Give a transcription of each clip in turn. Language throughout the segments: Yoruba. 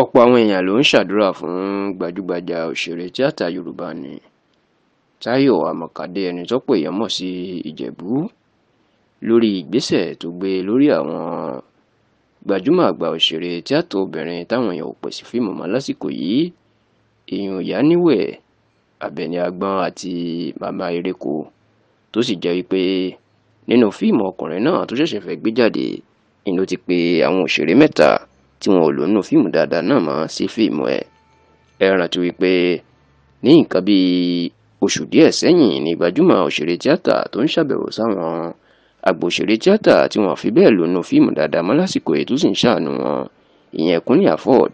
ọ̀pọ̀ àwọn èèyàn ló ń ṣàdúrà fún gbajúgbajà òṣèré tíátà yorùbá ni táyọ àmọkàdé ẹni tọ́pọ̀ èèyàn mọ̀ sí ìjẹ̀bú lórí ìgbésẹ̀ tó gbé lórí àwọn gbajúmọ̀ àgbà òṣèré tíátà obìnrin táwọn èèyàn ò pè sí fíìmù mọ́ lásìkò yìí èèyàn ìyá níwẹ̀ abẹni agbọ́n àti màmá eréko tó sì jẹ́ wípé nínú fíìmù ọkùnrin náà tó ṣẹ̀ṣẹ̀ fẹ́ gbé jáde ni ti pe àwọn òṣèré mẹ́ta tí wọn ò lò nínú fíìmù dáadáa náà mọ́ sí fíìmù ẹ̀ ẹ rántí wípé ní nǹkan bíi oṣù díẹ̀ sẹ́yìn ni gbajúmọ̀ òṣèré tíátà tó ń ṣàbẹ̀wò sáwọn agbòṣèré tíátà tí wọn fi bẹ́ẹ̀ lò nínú fíìmù dáadáa mọ́ lásìkò ètò sì ń ṣàánú wọn ìyẹn Kúnlé Afọ́d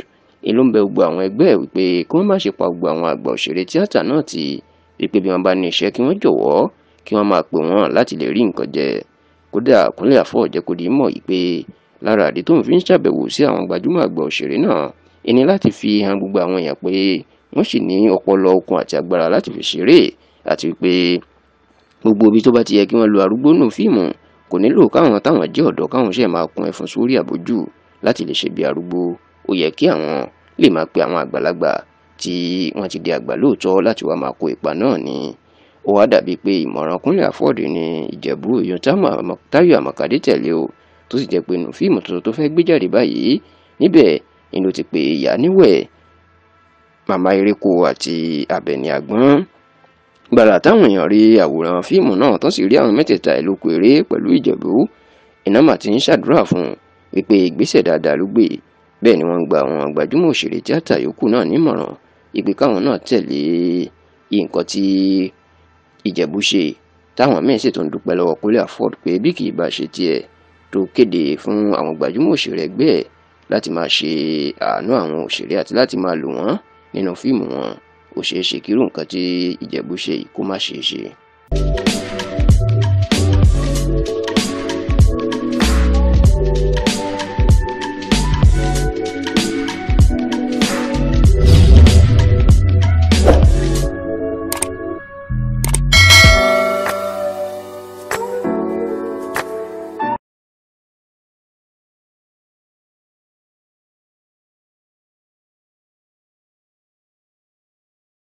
èyí ló ń bẹ gbogbo àwọn ẹgbẹ́ ẹ̀ wípé kí wọ́n má ṣe pa gbogbo àwọn àgbà òṣèré tíátà náà tì wípé bí wọ́n bá ní iṣẹ́ kí wọ́n jọ̀wọ́ kí wọ́n máa pè wọ́n láti lè rí nǹkan jẹ kódà Kúnlé Afọ́d jẹ́ kó di mọ̀ yìí pé lára àdí tóun fi ń ṣàbẹ̀wò sí àwọn gbajúmọ̀ àgbà òṣèré náà ẹni láti fi hàn gbogbo àwọn èèyàn pé wọ́n sì ní ọpọlọ okun àti agbára láti fi ṣeré àti pé gbogbo ibi tó bá ti yẹ kí wọ́n lo arúgbó nù fíìmù kò nílò káwọn táwọn jẹ́ ọ̀dọ́ káwọn ṣe máa kun ẹfun sórí àbójú láti lè ṣe bí arúgbó ó yẹ kí àwọn lè máa pe àwọn àgbàlagbà tí wọ́n ti di àgbà lóòótọ́ láti wá máa kó ipa náà ni ó wá dàbí pé ìmọ̀ràn Kúnlé Afọ́ọ̀dù ni Ìjẹ̀bú Òyìn Táyọ̀ Àmọ̀kádé tẹ̀lé o tó sì jẹ́ pé nù fíìmù tuntun tó fẹ́ gbé jáde báyìí níbẹ̀ ni ló ti pè ìyá níwẹ̀ màmá eréko àti abẹ̀ní àgbọ́n gbàrà táwọn èèyàn rí àwòrán fíìmù náà tán sì rí àwọn mẹ́tẹ̀ẹ̀ta ìlú péré pẹ̀lú ìjẹ̀bú ìnáma ti ń ṣàdúrà fún un wípé ìgbésẹ̀ dáadáa ló gbé bẹ́ẹ̀ ni wọ́n ń gba àwọn gbajúmọ̀ òṣèré tíátà yòókù náà nímọ̀ràn ìpè káwọn náà tẹ̀lé nǹkan tí ìjẹ̀bú ṣe táwọn míín sì tún dúpẹ́ lọ́wọ́ kólé afford pé bí kì í bá ṣe tiẹ̀ tó kéde fún àwọn gbajúmọ̀ òṣèré ẹgbẹ́ ẹ̀ láti máa ṣe àánú àwọn òṣèré àti láti máa lò wọ́n nínú fíìmù wọn ó ṣeé ṣe kírú nǹkan tí Ìjẹ̀bú ṣe yìí kó má ṣeé ṣe.